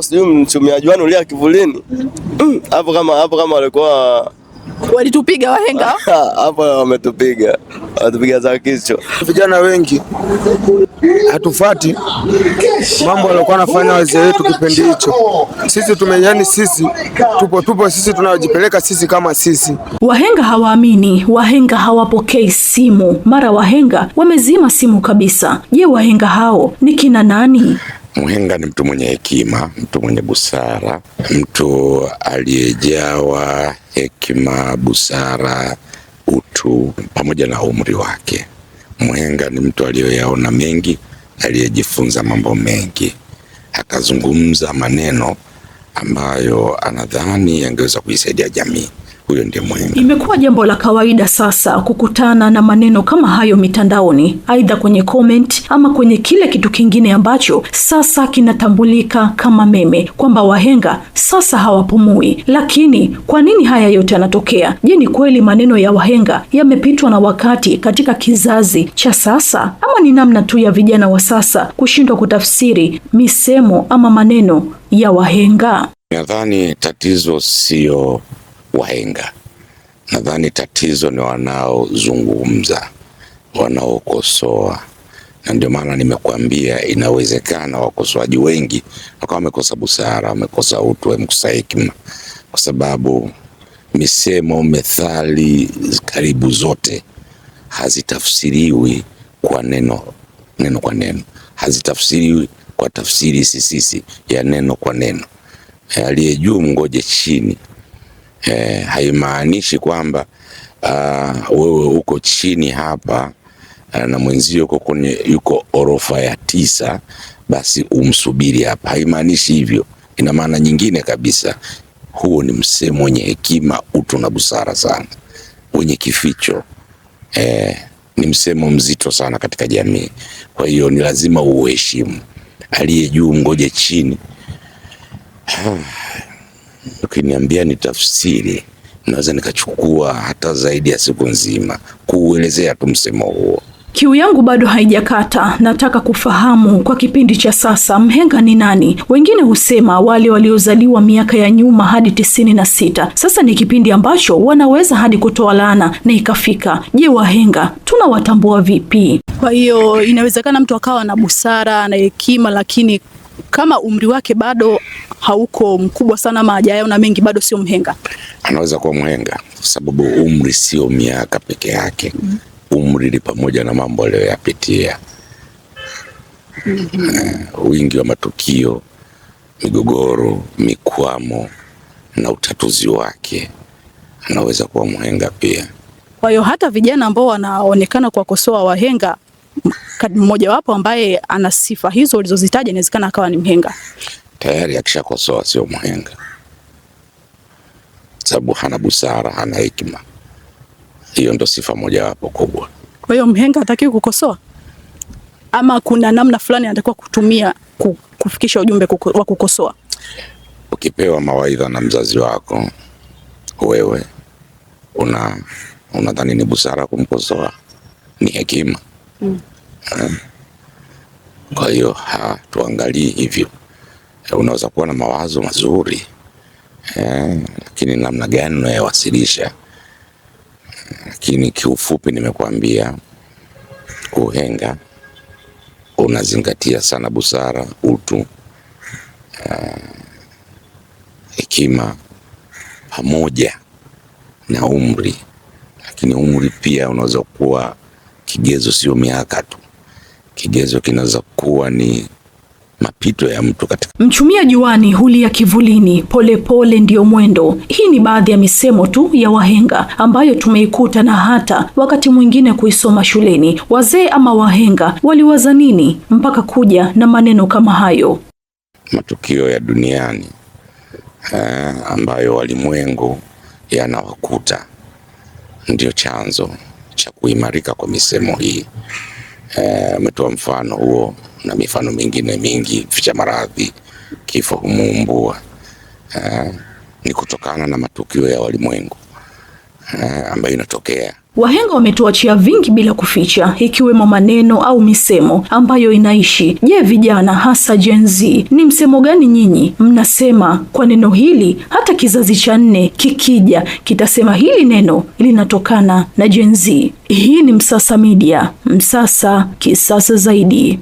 kama sijui mchumia Juani ulia kivulini mm, hapo, kama hapo kama walikuwa walitupiga wahenga hapo, wametupiga wametupiga za kichwa. Vijana wengi hatufati mambo waliokuwa wanafanya wazee wetu kipindi hicho. Sisi tumenyani, sisi tupo tupo, sisi tunajipeleka sisi kama sisi. Wahenga hawaamini, wahenga hawapokei simu, mara wahenga wamezima simu kabisa. Je, wahenga hao ni kina nani? Mhenga ni mtu mwenye hekima, mtu mwenye busara, mtu aliyejawa hekima, busara, utu pamoja na umri wake. Mhenga ni mtu aliyoyaona mengi, aliyejifunza mambo mengi, akazungumza maneno ambayo anadhani yangeweza kuisaidia jamii huyo ndiye mwenga. Imekuwa jambo la kawaida sasa kukutana na maneno kama hayo mitandaoni, aidha kwenye comment ama kwenye kile kitu kingine ambacho sasa kinatambulika kama meme, kwamba wahenga sasa hawapumui. Lakini kwa nini haya yote yanatokea? Je, ni kweli maneno ya wahenga yamepitwa na wakati katika kizazi cha sasa, ama ni namna tu ya vijana wa sasa kushindwa kutafsiri misemo ama maneno ya wahenga? Nadhani tatizo sio wahenga. Nadhani tatizo ni wanaozungumza, wanaokosoa, na ndio maana nimekuambia inawezekana wakosoaji wengi wakawa wamekosa busara, wamekosa utu, wamekosa hekima, kwa sababu misemo, methali karibu zote hazitafsiriwi kwa neno neno kwa neno, hazitafsiriwi kwa tafsiri sisisi ya neno kwa neno. Aliye juu mngoje chini eh, haimaanishi kwamba uh, wewe uko chini hapa uh, na mwenzio uko kwenye yuko orofa ya tisa, basi umsubiri hapa. Haimaanishi hivyo, ina maana nyingine kabisa. Huo ni msemo wenye hekima, utu na busara sana, wenye kificho eh, ni msemo mzito sana katika jamii. Kwa hiyo ni lazima uuheshimu. Aliye juu mgoje chini Ukiniambia ni tafsiri, naweza nikachukua hata zaidi ya siku nzima kuuelezea tu msemo huo. Kiu yangu bado haijakata, nataka kufahamu kwa kipindi cha sasa mhenga ni nani? Wengine husema wale waliozaliwa miaka ya nyuma hadi tisini na sita. Sasa ni kipindi ambacho wanaweza hadi kutoa laana na ikafika. Je, wahenga tunawatambua vipi? Kwa hiyo inawezekana mtu akawa na busara na hekima, lakini kama umri wake bado hauko mkubwa sana, na mengi, bado sio mhenga, anaweza kuwa mhenga kwa sababu umri sio miaka peke yake mm. Umri ni pamoja na mambo aliyoyapitia mm -hmm. Uh, wingi wa matukio, migogoro, mikwamo na utatuzi wake, anaweza kuwa mhenga pia. Kwa hiyo hata vijana ambao wanaonekana kuwakosoa wahenga mmojawapo ambaye ana sifa hizo ulizozitaja inawezekana akawa ni mhenga tayari. Akishakosoa sio mhenga, sababu hana busara, hana hekima. Hiyo ndo sifa mojawapo kubwa. Kwa hiyo mhenga hatakiwi kukosoa, ama kuna namna fulani anatakiwa kutumia kufikisha ujumbe wa kukosoa. Ukipewa mawaidha na mzazi wako, wewe una unadhani ni busara kumkosoa? Ni hekima mm. Kwa hiyo hatuangalii hivyo. Eh, unaweza kuwa na mawazo mazuri eh, lakini namna gani unayewasilisha. Lakini kiufupi, nimekuambia uhenga unazingatia sana busara, utu, eh, hekima eh, pamoja na umri, lakini umri pia unaweza kuwa Kigezo sio miaka tu, kigezo kinaweza kuwa ni mapito ya mtu katika mchumia juani huli ya kivulini polepole pole ndiyo mwendo. Hii ni baadhi ya misemo tu ya wahenga ambayo tumeikuta na hata wakati mwingine kuisoma shuleni. Wazee ama wahenga waliwaza nini mpaka kuja na maneno kama hayo? Matukio ya duniani eh, ambayo walimwengu yanawakuta ndio chanzo cha kuimarika kwa misemo hii. Ametoa eh, e, mfano huo na mifano mingine mingi, ficha maradhi, kifo humuumbua. E, eh, ni kutokana na matukio ya walimwengu eh, ambayo inatokea. Wahenga wametuachia vingi bila kuficha, ikiwemo maneno au misemo ambayo inaishi. Je, vijana hasa Gen Z, ni msemo gani nyinyi mnasema kwa neno hili? Hata kizazi cha nne kikija kitasema hili neno linatokana na Gen Z. Hii ni Msasa Media, Msasa kisasa zaidi.